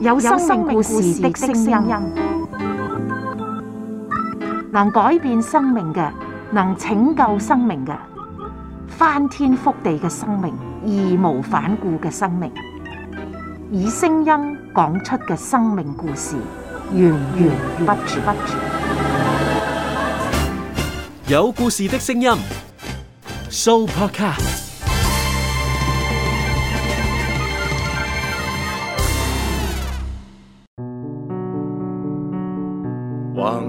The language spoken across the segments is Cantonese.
有生命故事的聲音，能改變生命嘅，能拯救生命嘅，翻天覆地嘅生命，義無反顧嘅生命，以聲音講出嘅生命故事，源源不絕。有故事的聲音，Soupercast。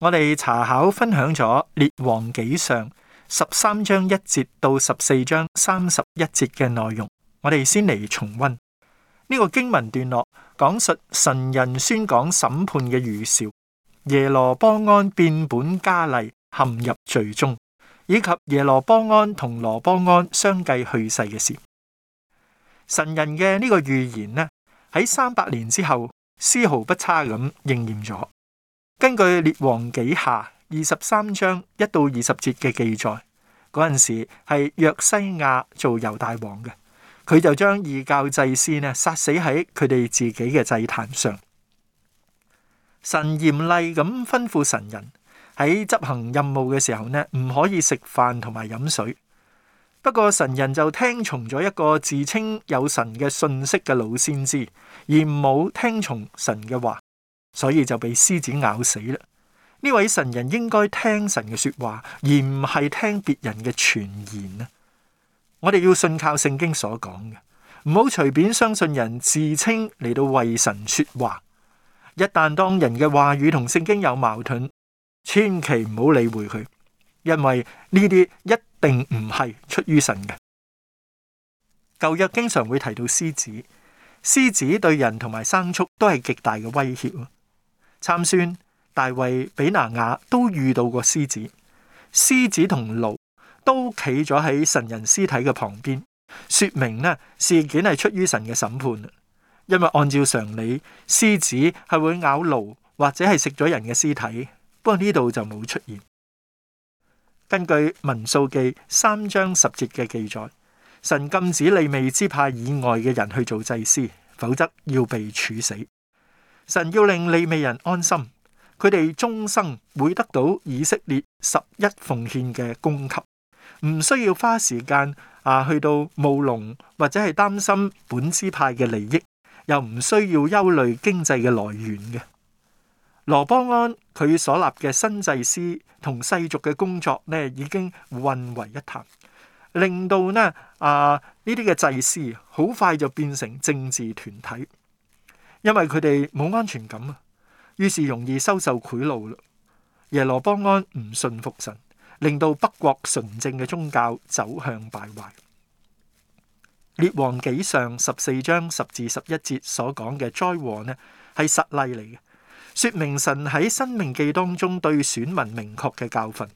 我哋查考分享咗列王紀上十三章一節到十四章三十一節嘅內容，我哋先嚟重溫呢個經文段落，講述神人宣講審判嘅預兆，耶羅波安變本加厲陷入罪中，以及耶羅波安同羅波安相繼去世嘅事。神人嘅呢個預言呢，喺三百年之後絲毫不差咁應驗咗。根據《列王記下》二十三章一到二十節嘅記載，嗰陣時係約西亞做猶大王嘅，佢就將異教祭司呢殺死喺佢哋自己嘅祭壇上。神嚴厲咁吩咐神人喺執行任務嘅時候呢，唔可以食飯同埋飲水。不過神人就聽從咗一個自稱有神嘅信息嘅老先知，而冇聽從神嘅話。所以就被獅子咬死啦！呢位神人應該聽神嘅説話，而唔係聽別人嘅傳言啊！我哋要信靠聖經所講嘅，唔好隨便相信人自稱嚟到為神説話。一旦當人嘅話語同聖經有矛盾，千祈唔好理會佢，因為呢啲一定唔係出於神嘅。舊約經常會提到獅子，獅子對人同埋牲畜都係極大嘅威脅。參孫、大衛、比拿雅都遇到過獅子，獅子同驢都企咗喺神人屍體嘅旁邊，說明呢事件係出於神嘅審判。因為按照常理，獅子係會咬驢或者係食咗人嘅屍體，不過呢度就冇出現。根據民數記三章十節嘅記載，神禁止利未支派以外嘅人去做祭司，否則要被處死。神要令利未人安心，佢哋終生會得到以色列十一奉獻嘅供給，唔需要花時間啊去到務農或者係擔心本支派嘅利益，又唔需要憂慮經濟嘅來源嘅。羅波安佢所立嘅新祭司同世俗嘅工作呢已經混為一談，令到呢啊呢啲嘅祭司好快就變成政治團體。因為佢哋冇安全感啊，於是容易收受賄賂啦。耶羅波安唔信服神，令到北國純正嘅宗教走向敗壞。列王紀上十四章十至十一節所講嘅災禍呢，係實例嚟嘅，說明神喺申命記當中對選民明確嘅教訓。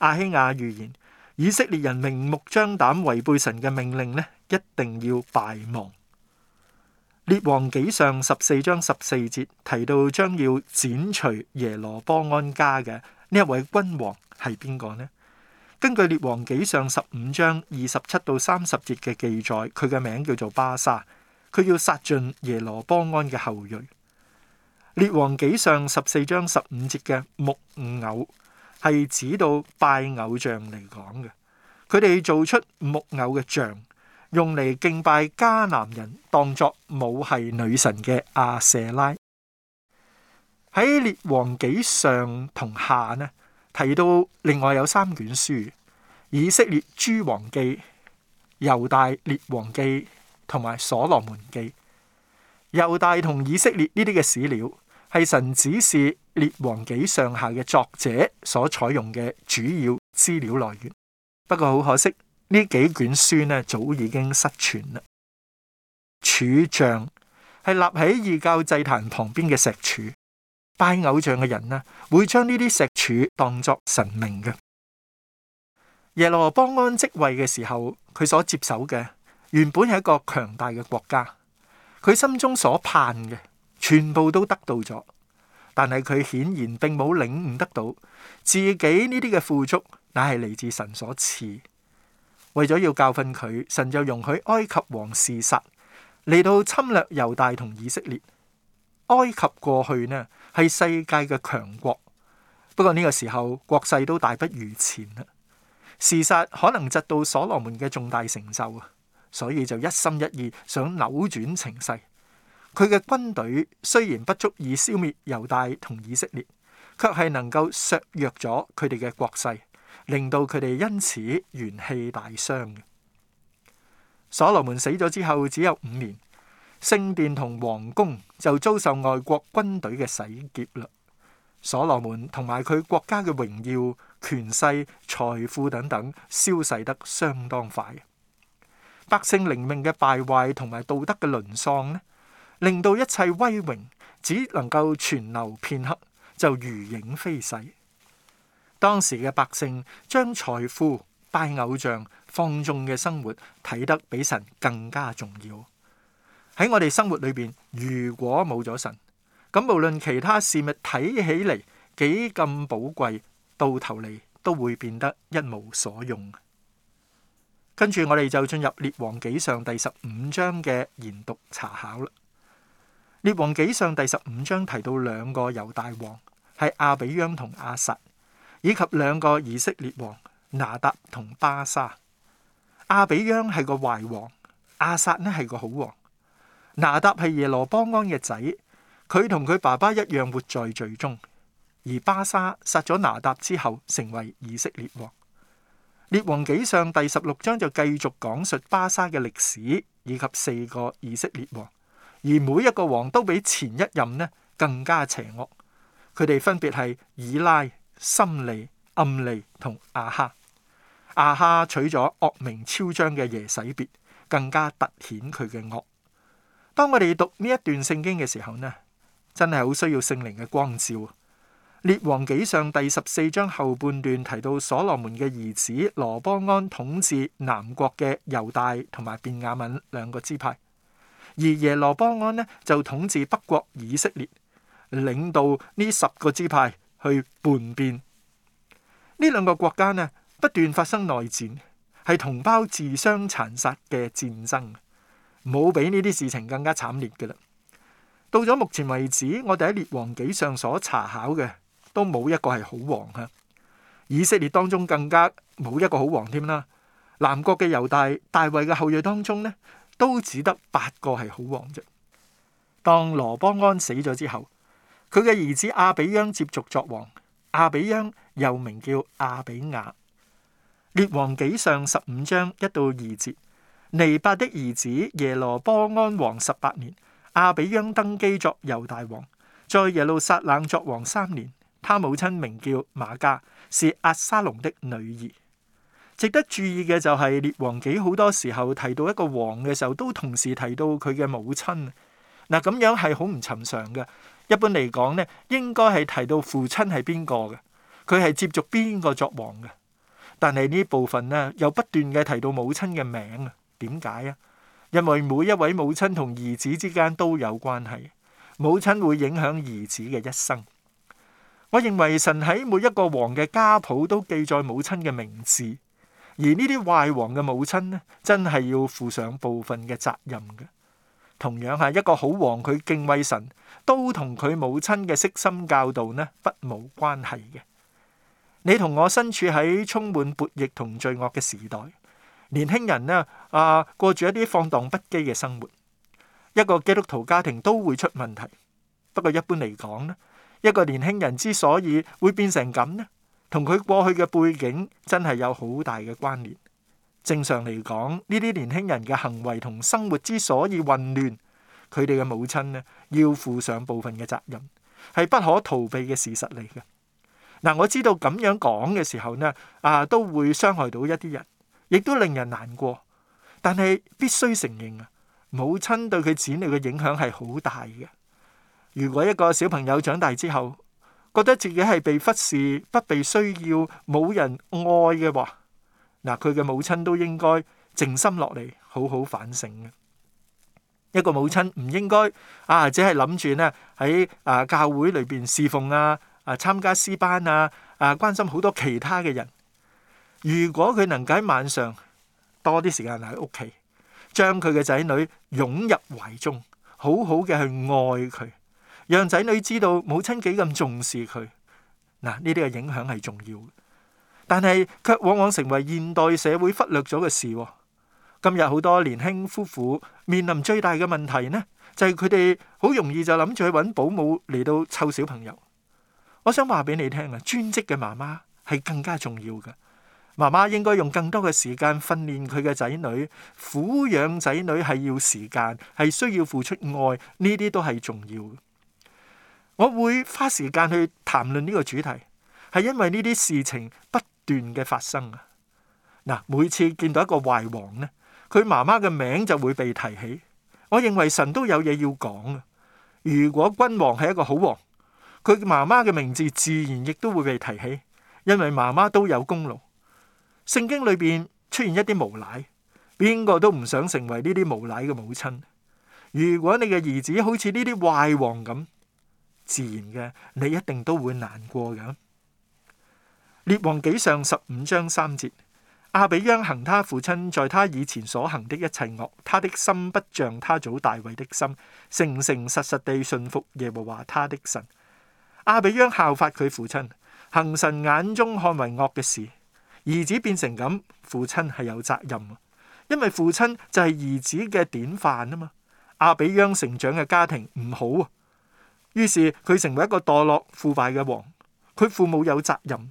亞希亞預言以色列人明目張膽違背神嘅命令呢，一定要敗亡。列王紀上十四章十四節提到將要剪除耶羅波安家嘅呢一位君王係邊個呢？根據列王紀上十五章二十七到三十節嘅記載，佢嘅名叫做巴沙，佢要殺盡耶羅波安嘅後裔。列王紀上十四章十五節嘅木偶係指到拜偶像嚟講嘅，佢哋做出木偶嘅像。用嚟敬拜迦南人當作母係女神嘅阿舍拉。喺列王記上同下呢，提到另外有三卷書：以色列諸王記、猶大列王記同埋所羅門記。猶大同以色列呢啲嘅史料，係神指示列王記上下嘅作者所採用嘅主要資料來源。不過好可惜。呢幾卷書呢，早已經失傳啦。柱像係立喺異教祭壇旁邊嘅石柱，拜偶像嘅人呢，會將呢啲石柱當作神明嘅。耶羅波安即位嘅時候，佢所接手嘅原本係一個強大嘅國家，佢心中所盼嘅全部都得到咗，但係佢顯然並冇領悟得到自己呢啲嘅富足，乃係嚟自神所賜。為咗要教訓佢，神就容許埃及王示撒嚟到侵略猶大同以色列。埃及過去呢係世界嘅強國，不過呢個時候國勢都大不如前啦。示撒可能窒到所羅門嘅重大成就啊，所以就一心一意想扭轉情勢。佢嘅軍隊雖然不足以消滅猶大同以色列，卻係能夠削弱咗佢哋嘅國勢，令到佢哋因此元氣大傷。所羅門死咗之後只有五年，聖殿同皇宮就遭受外國軍隊嘅洗劫啦。所羅門同埋佢國家嘅榮耀、權勢、財富等等消逝得相當快。百姓靈命嘅敗壞同埋道德嘅淪喪呢，令到一切威榮只能夠存留片刻，就如影飛逝。當時嘅百姓將財富、拜偶像、放縱嘅生活睇得比神更加重要。喺我哋生活裏邊，如果冇咗神，咁無論其他事物睇起嚟幾咁寶貴，到頭嚟都會變得一無所用。跟住我哋就進入《列王紀上》第十五章嘅研讀查考啦。《列王紀上》第十五章提到兩個猶大王，係亞比央同亞撒。以及兩個以色列王拿達同巴沙，阿比央係個壞王，阿薩呢係個好王。拿達係耶羅邦安嘅仔，佢同佢爸爸一樣活在罪中。而巴沙殺咗拿達之後，成為以色列王。列王紀上第十六章就繼續講述巴沙嘅歷史，以及四個以色列王，而每一個王都比前一任呢更加邪惡。佢哋分別係以拉、心利暗利、同亞哈。亞哈娶咗惡名昭彰嘅耶洗別，更加凸顯佢嘅惡。當我哋讀呢一段聖經嘅時候呢，真係好需要聖靈嘅光照。列王紀上第十四章後半段提到所羅門嘅兒子羅波安統治南國嘅猶大同埋便雅憫兩個支派，而耶羅波安呢就統治北國以色列，領導呢十個支派。去叛變，呢兩個國家呢不斷發生內戰，係同胞自相殘殺嘅戰爭，冇比呢啲事情更加慘烈嘅啦。到咗目前為止，我哋喺列王紀上所查考嘅，都冇一個係好王啊。以色列當中更加冇一個好王添啦。南國嘅猶大，大衛嘅後裔當中呢，都只得八個係好王啫。當羅邦安死咗之後，佢嘅兒子阿比央接續作王，阿比央又名叫阿比雅。列王紀上十五章一到二節，尼伯的兒子耶羅波安王十八年，阿比央登基作猶大王，在耶路撒冷作王三年。他母親名叫瑪加，是阿沙龍的女兒。值得注意嘅就係列王紀好多時候提到一個王嘅時候，都同時提到佢嘅母親。嗱，咁樣係好唔尋常嘅。一般嚟講咧，應該係提到父親係邊個嘅，佢係接續邊個作王嘅。但係呢部分咧，又不斷嘅提到母親嘅名啊。點解啊？因為每一位母親同兒子之間都有關係，母親會影響兒子嘅一生。我認為神喺每一個王嘅家譜都記載母親嘅名字，而呢啲壞王嘅母親咧，真係要負上部分嘅責任嘅。同樣係一個好王，佢敬畏神，都同佢母親嘅悉心教導呢，不無關係嘅。你同我身處喺充滿悖逆同罪惡嘅時代，年輕人呢啊，過住一啲放蕩不羈嘅生活，一個基督徒家庭都會出問題。不過一般嚟講呢，一個年輕人之所以會變成咁呢，同佢過去嘅背景真係有好大嘅關聯。正常嚟講，呢啲年輕人嘅行為同生活之所以混亂，佢哋嘅母親呢要負上部分嘅責任，係不可逃避嘅事實嚟嘅。嗱，啊，我知道咁樣講嘅時候呢，啊都會傷害到一啲人，亦都令人難過。但係必須承認啊，母親對佢子女嘅影響係好大嘅。如果一個小朋友長大之後覺得自己係被忽視、不被需要、冇人愛嘅話，嗱，佢嘅母親都應該靜心落嚟，好好反省嘅。一個母親唔應該啊，只係諗住咧喺啊教會裏邊侍奉啊，啊參加師班啊，啊關心好多其他嘅人。如果佢能夠喺晚上多啲時間留喺屋企，將佢嘅仔女擁入懷中，好好嘅去愛佢，讓仔女知道母親幾咁重視佢。嗱，呢啲嘅影響係重要嘅。但係卻往往成為現代社會忽略咗嘅事喎。今日好多年輕夫婦面臨最大嘅問題呢，就係佢哋好容易就諗住去揾保姆嚟到湊小朋友。我想話俾你聽啊，專職嘅媽媽係更加重要㗎。媽媽應該用更多嘅時間訓練佢嘅仔女，撫養仔女係要時間，係需要付出愛，呢啲都係重要嘅。我會花時間去談論呢個主題，係因為呢啲事情不斷嘅發生啊！嗱，每次見到一個壞王咧，佢媽媽嘅名就會被提起。我認為神都有嘢要講啊！如果君王係一個好王，佢媽媽嘅名字自然亦都會被提起，因為媽媽都有功勞。聖經裏邊出現一啲無賴，邊個都唔想成為呢啲無賴嘅母親。如果你嘅兒子好似呢啲壞王咁，自然嘅你一定都會難過嘅。列王紀上十五章三節：阿比央行他父親在他以前所行的一切惡，他的心不像他祖大衛的心，誠誠實實地信服耶和華他的神。阿比央效法佢父親，行神眼中看為惡嘅事。兒子變成咁，父親係有責任，因為父親就係兒子嘅典範啊嘛。阿比央成長嘅家庭唔好啊，於是佢成為一個墮落腐敗嘅王。佢父母有責任。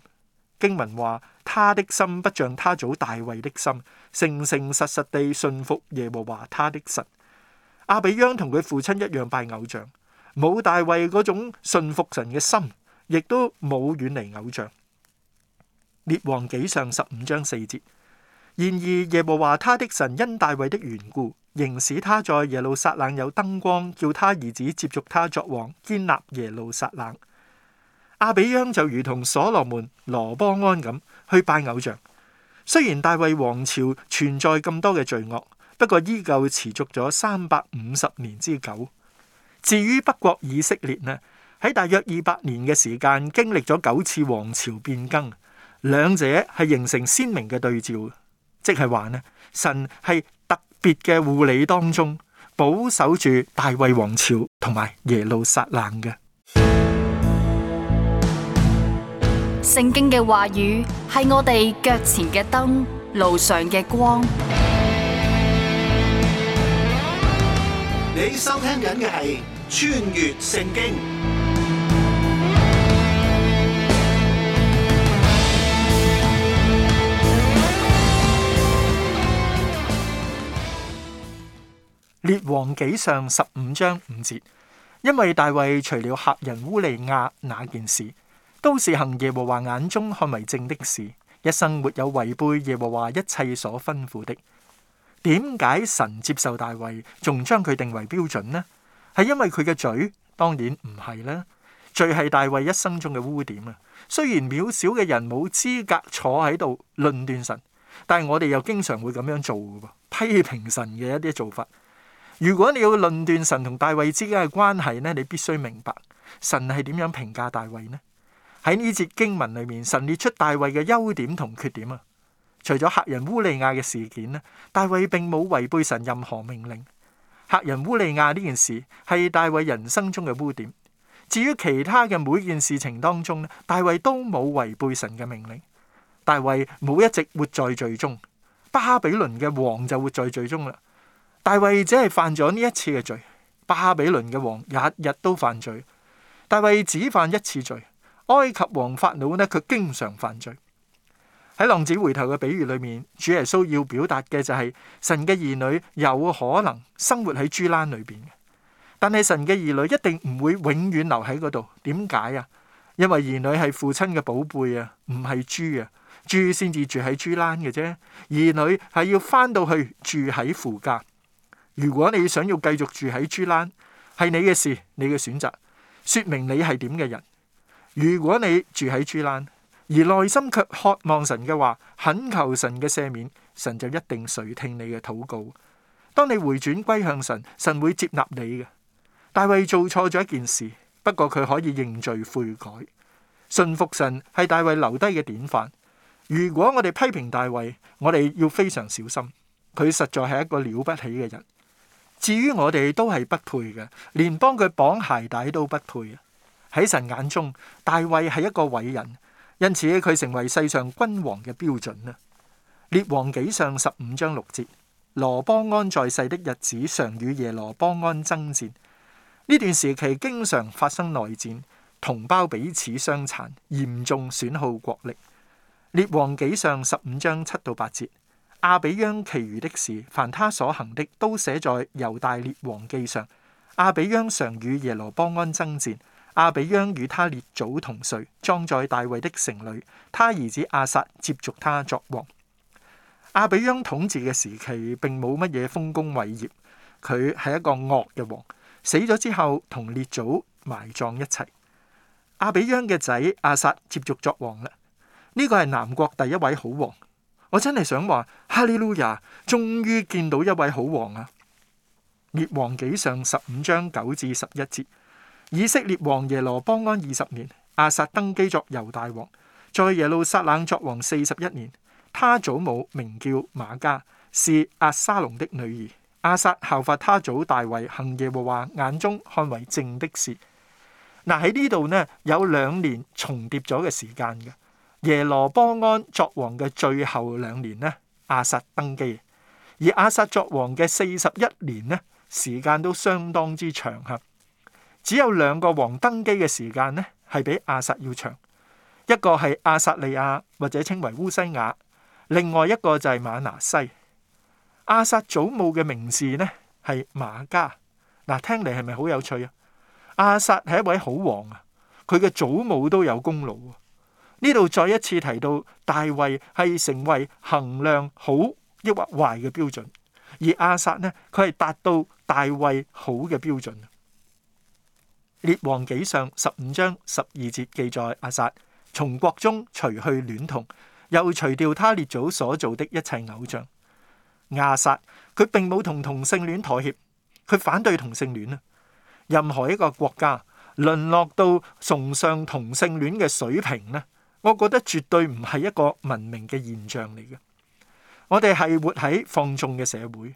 經文話，他的心不像他祖大衛的心，誠誠實實實地信服耶和華他的神。阿比央同佢父親一樣拜偶像，冇大衛嗰種信服神嘅心，亦都冇遠離偶像。列王紀上十五章四節。然而耶和華他的神因大衛的緣故，仍使他在耶路撒冷有燈光，叫他兒子接續他作王，建立耶路撒冷。亞比央就如同所羅門、羅波安，咁去拜偶像。雖然大衛王朝存在咁多嘅罪惡，不過依舊持續咗三百五十年之久。至於北國以色列呢，喺大約二百年嘅時間，經歷咗九次王朝變更。兩者係形成鮮明嘅對照，即係話呢，神係特別嘅護理當中，保守住大衛王朝同埋耶路撒冷嘅。聖經嘅話語係我哋腳前嘅燈，路上嘅光。你收聽緊嘅係《穿越聖經》列王紀上十五章五節，因為大衛除了赫人烏利亞那件事。都是行耶和華眼中看為正的事，一生沒有違背耶和華一切所吩咐的。點解神接受大衛，仲將佢定為標準呢？係因為佢嘅罪？當然唔係啦。罪係大衛一生中嘅污點啊。雖然渺小嘅人冇資格坐喺度論斷神，但係我哋又經常會咁樣做噶噃，批評神嘅一啲做法。如果你要論斷神同大衛之間嘅關係呢，你必須明白，神係點樣評價大衛呢？喺呢節經文裏面，神列出大衛嘅優點同缺點啊。除咗客人烏利亞嘅事件咧，大衛並冇違背神任何命令。客人烏利亞呢件事係大衛人生中嘅污點。至於其他嘅每件事情當中咧，大衛都冇違背神嘅命令。大衛冇一直活在罪中，巴比倫嘅王就活在罪中啦。大衛只係犯咗呢一次嘅罪，巴比倫嘅王日日都犯罪，大衛只犯一次罪。埃及王法老呢，佢經常犯罪。喺浪子回頭嘅比喻裏面，主耶穌要表達嘅就係神嘅兒女有可能生活喺豬欄裏邊，但係神嘅兒女一定唔會永遠留喺嗰度。點解啊？因為兒女係父親嘅寶貝啊，唔係豬啊，豬先至住喺豬欄嘅啫。兒女係要翻到去住喺父家。如果你想要繼續住喺豬欄，係你嘅事，你嘅選擇，說明你係點嘅人。如果你住喺珠蘭，而內心卻渴望神嘅話，懇求神嘅赦免，神就一定垂聽你嘅禱告。當你回轉歸向神，神會接納你嘅。大衛做錯咗一件事，不過佢可以認罪悔改，順服神係大衛留低嘅典範。如果我哋批評大衛，我哋要非常小心。佢實在係一個了不起嘅人。至於我哋都係不配嘅，連幫佢綁鞋帶都不配。喺神眼中，大衛係一個偉人，因此佢成為世上君王嘅標準啦。列王紀上十五章六節：羅波安在世的日子，常與耶羅波安爭戰。呢段時期經常發生內戰，同胞彼此相殘，嚴重損耗國力。列王紀上十五章七到八節：亞比央其餘的事，凡他所行的，都寫在猶大列王記上。亞比央常與耶羅波安爭戰。阿比央與他列祖同睡，葬在大衛的城裏。他兒子阿撒接續他作王。阿比央統治嘅時期，並冇乜嘢豐功偉業。佢係一個惡嘅王。死咗之後，同列祖埋葬一齊。阿比央嘅仔阿撒接續作王啦。呢個係南國第一位好王。我真係想話哈利路亞，終於見到一位好王啊！列王紀上十五章九至十一節。以色列王耶羅波安二十年，亞撒登基作猶大王，在耶路撒冷作王四十一年。他祖母名叫瑪加，是阿沙龍的女兒。亞撒效法他祖大衛，行耶和華眼中看為正的事。嗱喺呢度呢，有兩年重疊咗嘅時間嘅耶羅波安作王嘅最後兩年呢，亞撒登基，而亞撒作王嘅四十一年呢，時間都相當之長吓。只有兩個王登基嘅時間咧，係比亞撒要長。一個係亞撒利亞或者稱為烏西雅，另外一個就係馬拿西。亞撒祖母嘅名字咧係馬加，嗱聽嚟係咪好有趣啊？亞撒係一位好王啊，佢嘅祖母都有功勞。呢度再一次提到大衛係成為衡量好抑或壞嘅標準，而亞撒呢，佢係達到大衛好嘅標準。列王紀上十五章十二節記載：阿薩從國中除去戀童，又除掉他列祖所做的一切偶像。亞薩佢並冇同同性戀妥協，佢反對同性戀啊！任何一個國家淪落到崇尚同性戀嘅水平呢，我覺得絕對唔係一個文明嘅現象嚟嘅。我哋係活喺放縱嘅社會，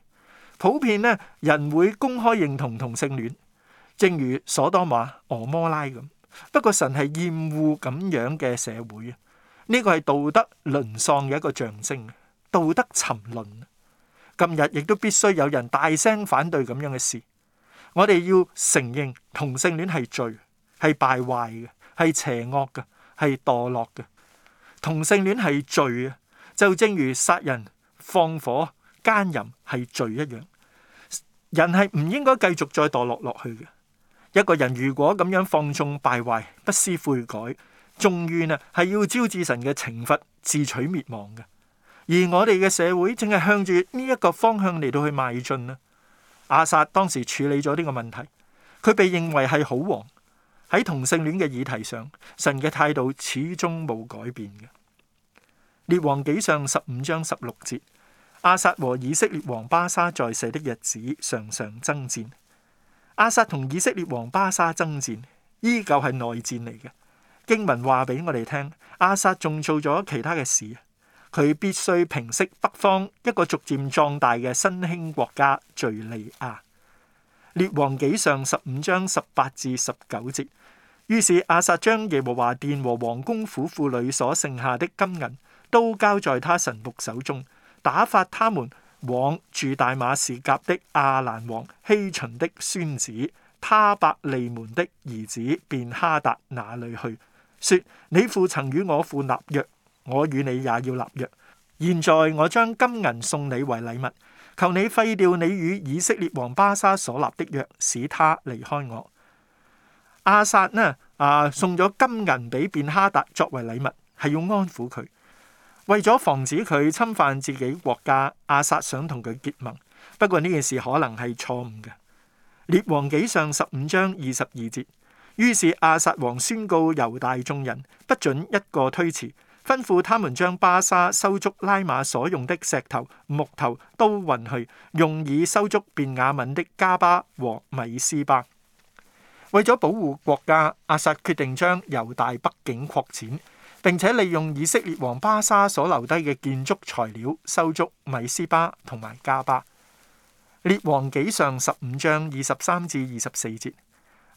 普遍呢，人會公開認同同性戀。正如所多瑪、俄摩拉咁，不過神係厭惡咁樣嘅社會啊。呢個係道德淪喪嘅一個象徵，道德沉淪。今日亦都必須有人大聲反對咁樣嘅事。我哋要承認同性戀係罪，係敗壞嘅，係邪惡嘅，係墮落嘅。同性戀係罪啊，就正如殺人、放火、姦淫係罪一樣。人係唔應該繼續再墮落落去嘅。一個人如果咁樣放縱敗壞，不思悔改，終於呢係要招致神嘅懲罰，自取滅亡嘅。而我哋嘅社會正係向住呢一個方向嚟到去邁進呢。阿薩當時處理咗呢個問題，佢被認為係好王。喺同性戀嘅議題上，神嘅態度始終冇改變嘅。列王紀上十五章十六節，阿薩和以色列王巴沙在世的日子，常常爭戰。阿薩同以色列王巴沙爭戰，依舊係內戰嚟嘅。經文話俾我哋聽，阿薩仲做咗其他嘅事，佢必須平息北方一個逐漸壯大嘅新興國家敘利亞。列王紀上十五章十八至十九節。於是阿薩將耶和華殿和王宮府庫裏所剩下的金銀，都交在他神僕手中，打發他們，往住大馬士革的亞蘭王希秦的孫子他伯利門的兒子便哈達那裡去，說：你父曾與我父立約，我與你也要立約。現在我將金銀送你為禮物，求你廢掉你與以色列王巴沙所立的約，使他離開我。亞撒呢？啊，送咗金銀俾便哈達作為禮物，係要安撫佢。為咗防止佢侵犯自己國家，阿薩想同佢結盟。不過呢件事可能係錯誤嘅。列王紀上十五章二十二節，於是阿薩王宣告猶大眾人不准一個推辭，吩咐他們將巴沙修築拉馬所用的石頭、木頭，都運去，用以修築便雅憫的加巴和米斯巴。為咗保護國家，阿薩決定將猶大北境擴展。並且利用以色列王巴沙所留低嘅建築材料修築米斯巴同埋加巴。列王紀上十五章二十三至二十四節：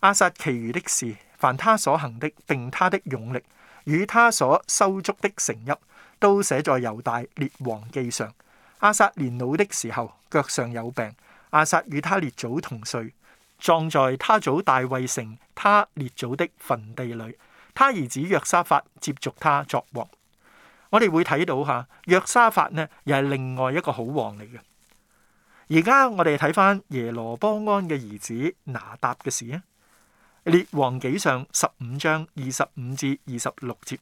阿撒其餘的事，凡他所行的，定他的勇力與他所修築的城邑，都寫在猶大列王記上。阿撒年老的時候，腳上有病。阿撒與他列祖同睡，葬在他祖大衞城他列祖的墳地裏。他兒子約沙法接續他作王，我哋會睇到吓約沙法呢，又係另外一個好王嚟嘅。而家我哋睇翻耶羅波安嘅兒子拿達嘅事啊，《列王紀上》十五章二十五至二十六節。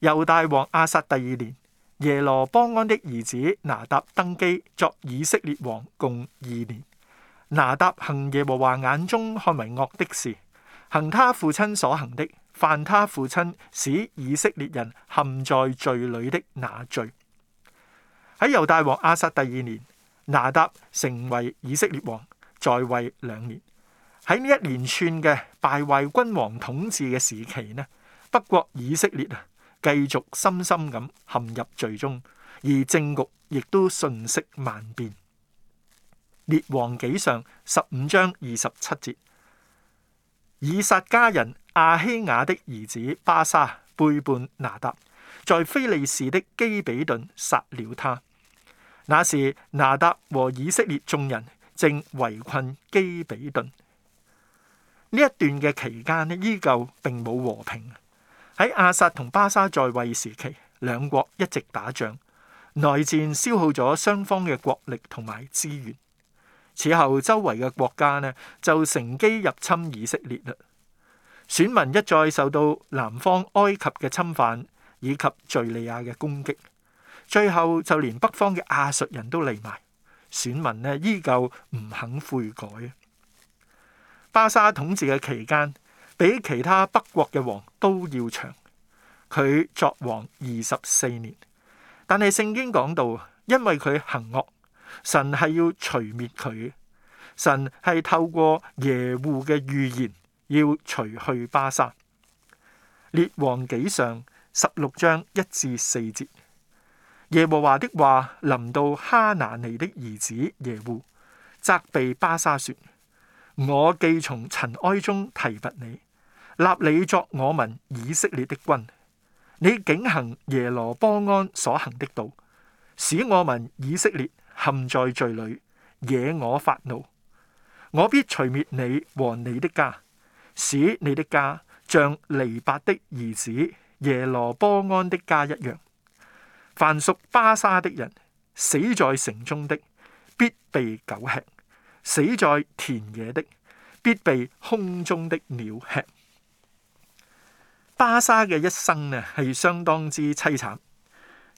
猶大王亞撒第二年，耶羅波安的兒子拿達登基作以色列王，共二年。拿達行耶和華眼中看為惡的事。行他父親所行的，犯他父親使以色列人陷在罪裏的那罪。喺猶大王阿薩第二年，拿答成為以色列王，在位兩年。喺呢一連串嘅敗壞君王統治嘅時期呢，北國以色列啊，繼續深深咁陷入罪中，而政局亦都瞬息萬變。列王紀上十五章二十七節。以撒迦人阿希亞的兒子巴沙背叛拿達，在非利士的基比頓殺了他。那時拿達和以色列眾人正圍困基比頓。呢一段嘅期間呢，依舊並冇和平。喺亞撒同巴沙在位時期，兩國一直打仗，內戰消耗咗雙方嘅國力同埋資源。此後，周圍嘅國家呢就乘機入侵以色列啦。選民一再受到南方埃及嘅侵犯，以及敘利亞嘅攻擊，最後就連北方嘅亞述人都嚟埋。選民呢依舊唔肯悔改。巴沙統治嘅期間，比其他北國嘅王都要長，佢作王二十四年，但係聖經講到，因為佢行惡。神係要除滅佢，神係透過耶戶嘅預言要除去巴沙。列王紀上十六章一至四節，耶和華的話臨到哈拿尼的兒子耶戶，責備巴沙說：我既從塵埃中提拔你，立你作我民以色列的君，你竟行耶羅波安所行的道，使我民以色列，陷在罪裏，惹我發怒，我必除滅你和你的家，使你的家像尼伯的兒子耶羅波安的家一樣。凡屬巴沙的人，死在城中的，必被狗吃；死在田野的，必被空中的鳥吃。巴沙嘅一生呢，係相當之淒慘。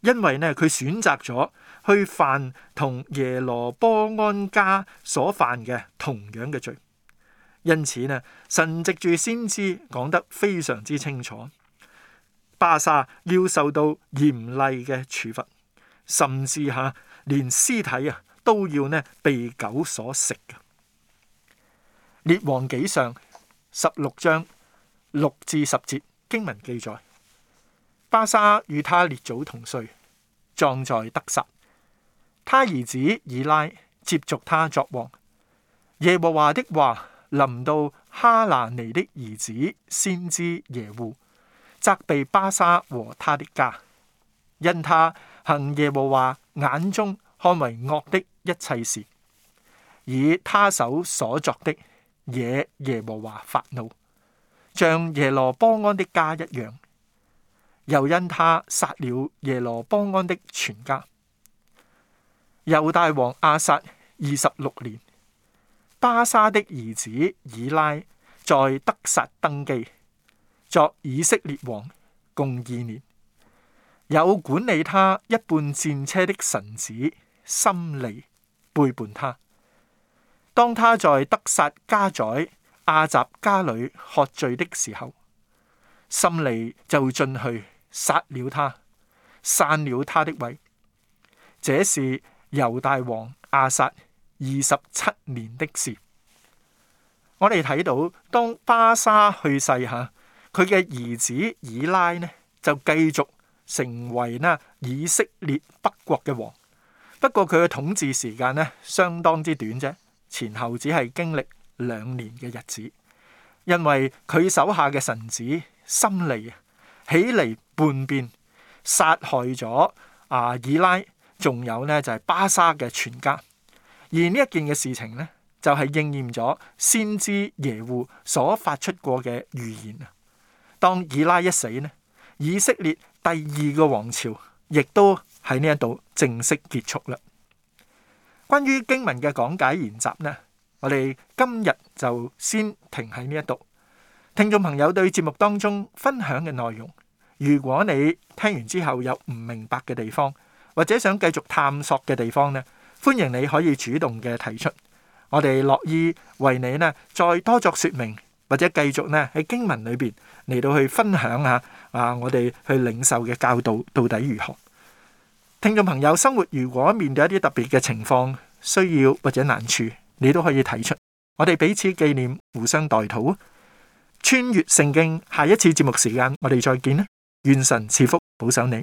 因為呢，佢選擇咗去犯同耶羅波安家所犯嘅同樣嘅罪，因此呢，神藉住先知講得非常之清楚，巴沙要受到嚴厲嘅處罰，甚至吓連屍體啊都要呢被狗所食嘅。列王紀上十六章六至十節經文記載。巴沙與他列祖同歲，葬在得撒。他兒子以拉接續他作王。耶和華的話臨到哈拿尼的兒子先知耶戶，責備巴沙和他的家，因他行耶和華眼中看為惡的一切事，以他手所作的，惹耶和華發怒，像耶羅波安的家一樣。又因他殺了耶羅波安的全家。猶大王亞撒二十六年，巴沙的兒子以拉在得撒登基，作以色列王，共二年。有管理他一半戰車的臣子心利背叛他。當他在得撒家宰亞雜家裏喝醉的時候，心利就進去。殺了他，散了他的位。這是猶大王亞撒二十七年的事。我哋睇到當巴沙去世吓，佢嘅兒子以拉呢就繼續成為呢以色列北國嘅王。不過佢嘅統治時間呢相當之短啫，前後只係經歷兩年嘅日子，因為佢手下嘅臣子心利。啊。起嚟叛變，殺害咗阿、啊、以拉，仲有咧就係、是、巴沙嘅全家。而呢一件嘅事情咧，就係、是、應驗咗先知耶戶所發出過嘅預言啊！當以拉一死咧，以色列第二個王朝亦都喺呢一度正式結束啦。關於經文嘅講解研習咧，我哋今日就先停喺呢一度。聽眾朋友對節目當中分享嘅內容，如果你聽完之後有唔明白嘅地方，或者想繼續探索嘅地方咧，歡迎你可以主動嘅提出，我哋樂意為你咧再多作說明，或者繼續咧喺經文裏邊嚟到去分享吓啊，我哋去領受嘅教導到底如何？聽眾朋友生活如果面對一啲特別嘅情況，需要或者難處，你都可以提出，我哋彼此紀念，互相代禱啊！穿越聖經，下一次節目時間，我哋再見啦！願神賜福，保守你。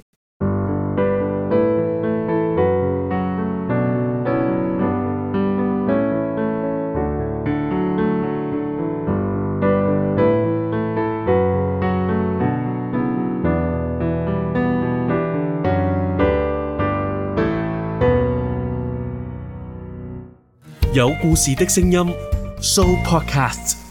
有故事的聲音，Show Podcast。